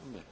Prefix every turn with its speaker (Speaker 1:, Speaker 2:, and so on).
Speaker 1: Hombre.